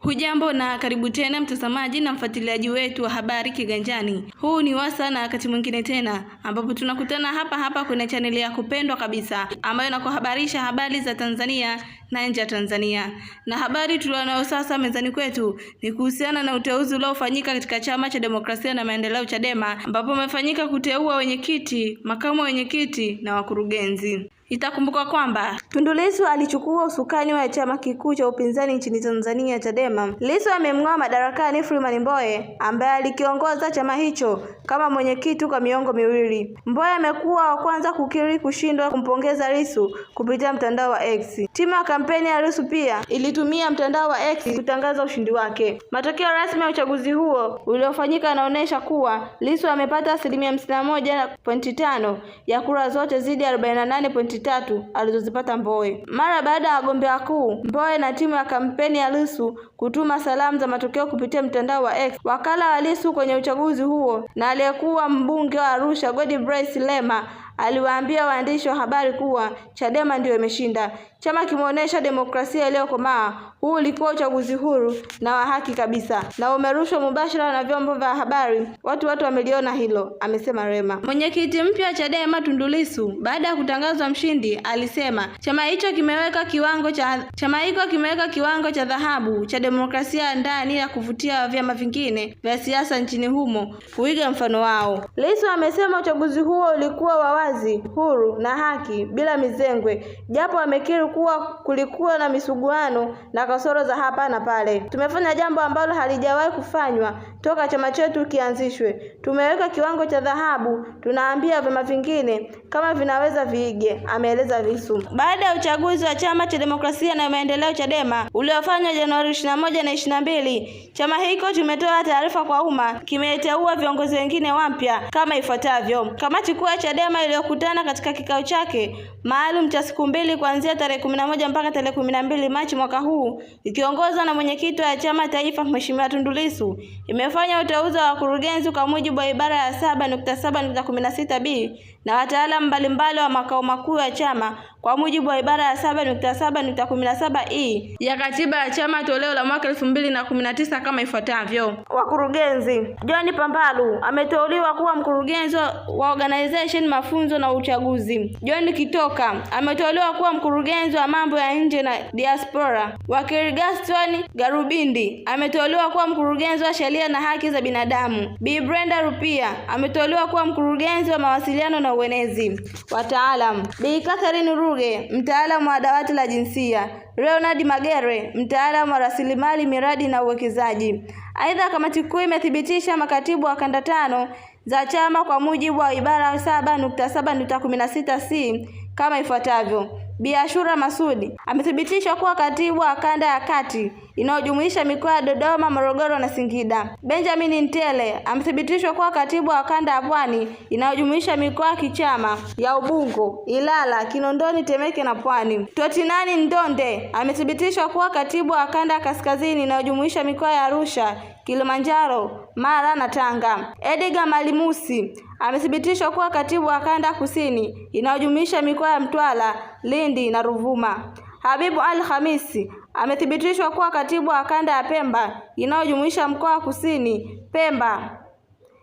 Hujambo na karibu tena mtazamaji na mfuatiliaji wetu wa habari Kiganjani. Huu ni wasa na wakati mwingine tena ambapo tunakutana hapa hapa kwenye chaneli ya kupendwa kabisa ambayo inakuhabarisha habari za Tanzania na nje ya Tanzania. Na habari tulionayo sasa mezani kwetu ni kuhusiana na uteuzi uliofanyika katika Chama cha Demokrasia na Maendeleo Chadema ambapo umefanyika kuteua wenyekiti, makamu wenyekiti na wakurugenzi. Itakumbuka kwamba Tundu Lissu alichukua usukani wa chama kikuu cha upinzani nchini Tanzania Chadema. Lissu amemng'oa madarakani Freeman Mbowe ambaye alikiongoza chama hicho kama mwenyekiti kwa miongo miwili. Mbowe amekuwa wa kwanza kukiri kushindwa kumpongeza Lissu kupitia mtandao wa X. Timu ya kampeni ya Lissu pia ilitumia mtandao wa X kutangaza ushindi wake. Matokeo rasmi ya uchaguzi huo uliofanyika yanaonyesha kuwa Lissu amepata asilimia hamsini na moja pointi tano ya kura zote zidi arobaini na nane pointi tatu alizozipata Mbowe. Mara baada ya wagombea kuu Mbowe na timu ya kampeni ya Lissu kutuma salamu za matokeo kupitia mtandao wa X, wakala wa Lissu kwenye uchaguzi huo na aliyekuwa mbunge wa Arusha Godbless Lema aliwaambia waandishi wa habari kuwa Chadema ndiyo imeshinda, chama kimeonyesha demokrasia iliyokomaa. Huu ulikuwa uchaguzi huru na wa haki kabisa na umerushwa mubashara na vyombo vya habari, watu watu wameliona hilo, amesema Rema. Mwenyekiti mpya wa Chadema Tundu Lissu baada ya kutangazwa mshindi alisema chama hicho kimeweka kiwango cha chama hicho kimeweka kiwango cha dhahabu cha demokrasia ndani ya kuvutia vyama vingine vya siasa nchini humo kuiga mfano wao. Lissu amesema uchaguzi huo ulikuwa wa wazi, huru na haki bila mizengwe, japo wamekiri kuwa kulikuwa na misuguano na kasoro za hapa na pale. Tumefanya jambo ambalo halijawahi kufanywa toka chama chetu kianzishwe. Tumeweka kiwango cha dhahabu, tunaambia vyama vingine kama vinaweza viige, ameeleza Lissu. Baada ya uchaguzi wa Chama cha Demokrasia na Maendeleo CHADEMA uliofanywa Januari 21 na 22, chama hicho kimetoa taarifa kwa umma, kimeteua viongozi wengine wampya kama ifuatavyo. Kamati kuu ya CHADEMA iliyokutana katika kikao chake maalum cha siku mbili kuanzia tarehe 11 mpaka tarehe 12 Machi mwaka huu, ikiongozwa na mwenyekiti wa chama taifa Mheshimiwa Tundu Lissu ime Amefanya uteuzi wa wakurugenzi kwa mujibu wa ibara ya saba nukta saba nukta kumi na sita b na wataalamu mbalimbali wa makao makuu ya chama kwa mujibu wa ibara ya 7717 i e ya katiba ya chama toleo la mwaka 2019 kama ifuatavyo. Wakurugenzi: John Pambalu ameteuliwa kuwa mkurugenzi wa organization, mafunzo na uchaguzi. John Kitoka ameteuliwa kuwa mkurugenzi wa mambo ya nje na diaspora. Wakili Gaston Garubindi ameteuliwa kuwa mkurugenzi wa sheria na haki za binadamu. Bi Brenda Rupia ameteuliwa kuwa mkurugenzi wa mawasiliano na na uenezi. Wataalam: Bi Catherine Ruge, mtaalamu wa dawati la jinsia; Leonard Magere, mtaalamu wa rasilimali miradi na uwekezaji. Aidha, kamati kuu imethibitisha makatibu wa kanda tano za chama kwa mujibu wa ibara 7.7.16c kama ifuatavyo. Bi Ashura Masudi amethibitishwa kuwa katibu wa kanda ya kati inayojumuisha mikoa ya Dodoma, Morogoro na Singida. Benjamin Ntele amethibitishwa kuwa katibu wa kanda ya Pwani inayojumuisha mikoa ya kichama ya Ubungo, Ilala, Kinondoni, Temeke na Pwani. Totinani Ndonde amethibitishwa kuwa katibu wa kanda ya Kaskazini inayojumuisha mikoa ya Arusha, Kilimanjaro, Mara na Tanga. Edgar Malimusi amethibitishwa kuwa katibu wa kanda kusini inayojumuisha mikoa ya Mtwara, Lindi na Ruvuma. Habibu Ali Khamisi amethibitishwa kuwa katibu wa kanda ya Pemba inayojumuisha mkoa wa Kusini Pemba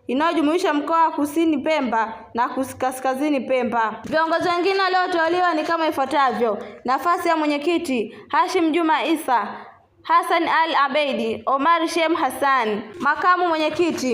inayojumuisha mkoa wa Kusini Pemba na Kaskazini Pemba. Viongozi wengine walioteuliwa ni kama ifuatavyo: nafasi ya mwenyekiti Hashim Juma Isa Hassan Ali Abedi, Omar Shem Hassan. Makamu mwenyekiti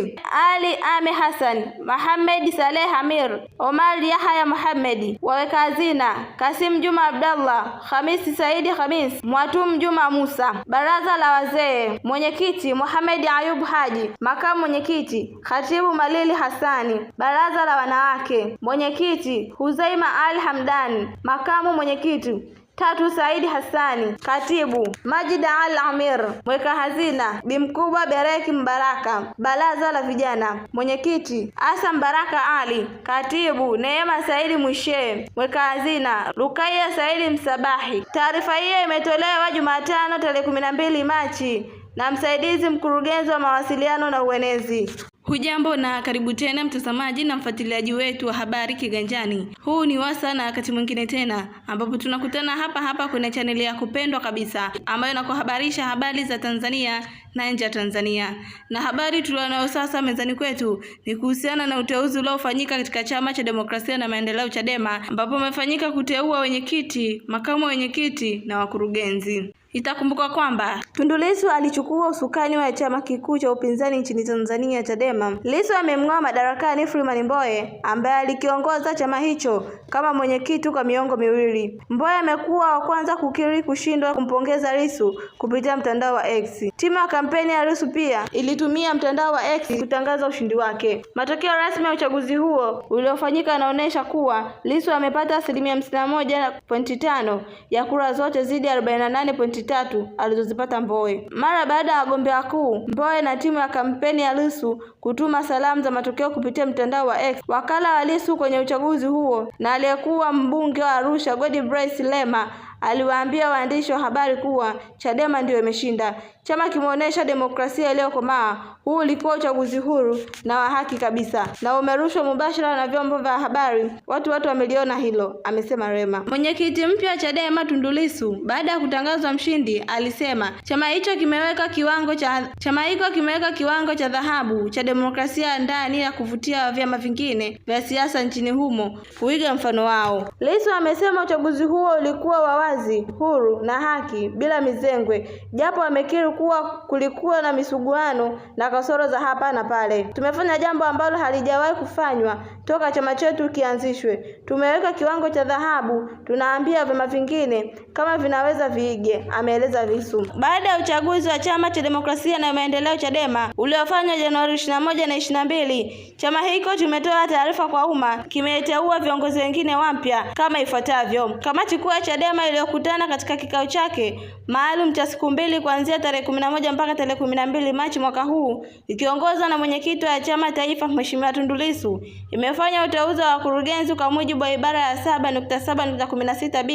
Ali Ame Hassan, Mohamed Saleh Amir, Omar Yahya Mohamed. Waweka hazina Kasim Juma Abdallah, khamisi Saidi Khamis, Mwatum Juma Musa. Baraza la wazee mwenyekiti Mohamed Ayub Haji, makamu mwenyekiti Khatibu Malili Hassani. Baraza la wanawake mwenyekiti Huzaima Ali Hamdani, makamu mwenyekiti Tatu, Saidi Hassani, katibu; Majida Al Amir, mweka hazina; Bimkubwa Bereki Mbaraka, baraza la vijana; mwenyekiti Asa Mbaraka Ali, katibu; Neema Saidi Mwishe, mweka hazina; Rukaiya Saidi Msabahi. Taarifa hiyo imetolewa Jumatano tarehe kumi na mbili Machi na msaidizi mkurugenzi wa mawasiliano na uenezi. Hujambo na karibu tena mtazamaji na mfuatiliaji wetu wa habari Kiganjani. Huu ni wasa na wakati mwingine tena ambapo tunakutana hapa hapa kwenye chaneli ya kupendwa kabisa ambayo inakuhabarisha habari za Tanzania na nje ya Tanzania. Na habari tulionayo sasa mezani kwetu ni kuhusiana na uteuzi uliofanyika katika Chama cha Demokrasia na Maendeleo Chadema ambapo umefanyika kuteua wenyekiti, makamu wenyekiti na wakurugenzi. Itakumbuka kwamba Tundu Lissu alichukua usukani wa chama kikuu cha upinzani nchini Tanzania Chadema. Lissu amemng'oa madarakani Freeman Mbowe ambaye alikiongoza chama hicho kama mwenyekiti kwa miongo miwili. Mbowe amekuwa wa kwanza kukiri kushindwa kumpongeza Lissu kupitia mtandao wa X. Timu ya kampeni ya Lissu pia ilitumia mtandao wa X kutangaza ushindi wake. Matokeo rasmi ya uchaguzi huo uliofanyika yanaonyesha kuwa Lissu amepata asilimia hamsini na moja pointi tano ya kura zote zidi arobaini na nane pointi pointi tatu alizozipata Mbowe. Mara baada ya wagombea kuu Mbowe na timu ya kampeni ya Lissu kutuma salamu za matokeo kupitia mtandao wa X, wakala wa Lissu kwenye uchaguzi huo na aliyekuwa mbunge wa Arusha Godbless Lema aliwaambia waandishi wa habari kuwa Chadema ndiyo imeshinda, chama kimeonyesha demokrasia iliyokomaa. Huu ulikuwa uchaguzi huru na wa haki kabisa na umerushwa mubashara na vyombo vya habari, watu watu wameliona hilo, amesema Rema. Mwenyekiti mpya wa Chadema Tundu Lissu baada ya kutangazwa mshindi alisema chama hicho kimeweka kiwango cha chama hicho kimeweka kiwango cha dhahabu cha demokrasia ndani ya kuvutia vyama vingine vya siasa nchini humo kuiga mfano wao. Lissu amesema uchaguzi huo ulikuwa wa wazi, huru na haki bila mizengwe, japo wamekiri kuwa kulikuwa na misuguano na kasoro za hapa na pale. Tumefanya jambo ambalo halijawahi kufanywa toka chama chetu kianzishwe. Tumeweka kiwango cha dhahabu, tunaambia vyama vingine kama vinaweza viige, ameeleza Lissu. Baada ya uchaguzi wa Chama cha Demokrasia na Maendeleo CHADEMA uliofanywa Januari 21 na 22, chama hiko kimetoa taarifa kwa umma, kimeteua viongozi wengine wampya kama ifuatavyo. Kamati kuu ya CHADEMA iliyokutana katika kikao chake maalum cha siku mbili kuanzia tarehe 11 mpaka tarehe 12 Machi mwaka huu, ikiongozwa na mwenyekiti wa chama taifa Mheshimiwa Tundu Lissu ime Umefanya uteuzi wa wakurugenzi kwa mujibu wa ibara ya saba nukta saba nukta kumi na sita b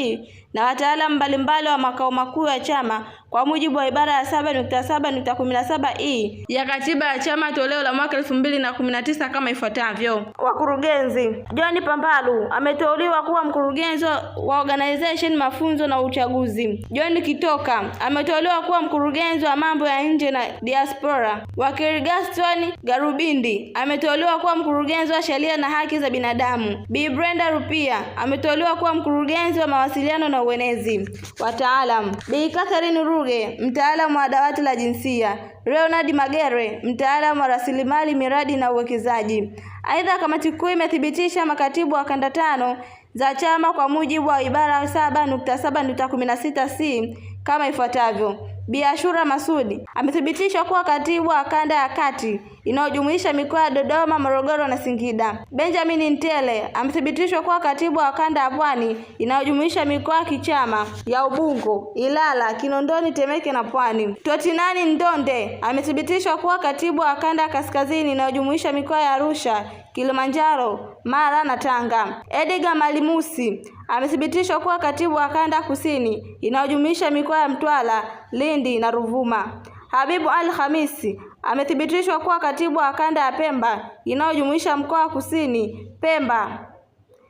na wataalamu mbalimbali wa makao makuu ya chama kwa mujibu wa ibara ya 7717 i e ya katiba ya chama toleo la mwaka 2019 kama ifuatavyo. Wakurugenzi: John Pambalu ameteuliwa kuwa mkurugenzi wa organization, mafunzo na uchaguzi. John Kitoka ameteuliwa kuwa mkurugenzi wa mambo ya nje na diaspora. Wakili Gaston Garubindi ameteuliwa kuwa mkurugenzi wa sheria na haki za binadamu. Bi Brenda Rupia ameteuliwa kuwa mkurugenzi wa mawasiliano na na uenezi. Wataalam: Bi Catherine Ruge, mtaalamu wa dawati la jinsia, Leonard Magere, mtaalamu wa rasilimali miradi na uwekezaji. Aidha, kamati kuu imethibitisha makatibu wa kanda tano za chama kwa mujibu wa ibara 7.7.16c kama ifuatavyo. Bi Ashura Masudi amethibitishwa kuwa katibu wa kanda ya kati inayojumuisha mikoa ya Dodoma, Morogoro na Singida. Benjamin Ntele amethibitishwa kuwa katibu wa kanda ya Pwani inayojumuisha mikoa ya kichama ya Ubungo, Ilala, Kinondoni, Temeke na Pwani. Totinani Ndonde amethibitishwa kuwa katibu wa kanda ya Kaskazini inayojumuisha mikoa ya Arusha, Kilimanjaro, Mara na Tanga. Edgar Malimusi amethibitishwa kuwa katibu wa kanda Kusini inayojumuisha mikoa ya Mtwara, Lindi na Ruvuma. Habibu Al Hamisi amethibitishwa kuwa katibu wa kanda ya Pemba inayojumuisha mkoa wa Kusini Pemba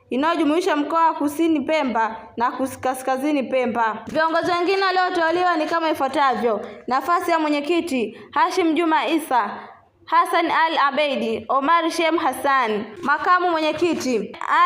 inayojumuisha mkoa wa Kusini Pemba na Kaskazini Pemba. Viongozi wengine walioteuliwa ni kama ifuatavyo: nafasi ya mwenyekiti Hashim Juma Isa Hassan Ali Abedi, Omar Shem Hassan. Makamu mwenyekiti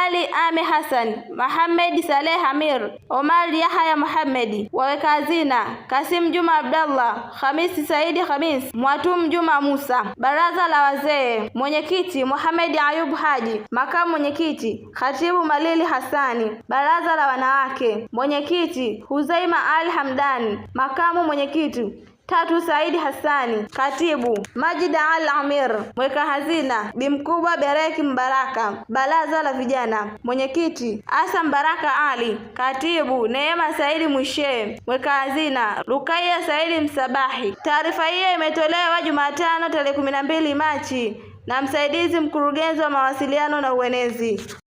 Ali Ame Hassan, Mohamed Saleh Amir, Omar Yahya Mohamed. Waweka hazina Kasim Juma Abdallah, khamisi Saidi Khamis, Mwatum Juma Musa. Baraza la wazee mwenyekiti Mohamed Ayub Haji, makamu mwenyekiti Khatibu Malili Hassani. Baraza la wanawake mwenyekiti Huzaima Ali Hamdani, makamu mwenyekiti Tatu, Saidi Hassani, katibu; Majida Al Amir, mweka hazina; Bimkubwa Bereki Mbaraka, baraza la vijana; mwenyekiti Asa Mbaraka Ali, katibu; Neema Saidi Mwishe, mweka hazina; Rukaiya Saidi Msabahi. Taarifa hiyo imetolewa Jumatano tarehe kumi na mbili Machi na msaidizi mkurugenzi wa mawasiliano na uenezi.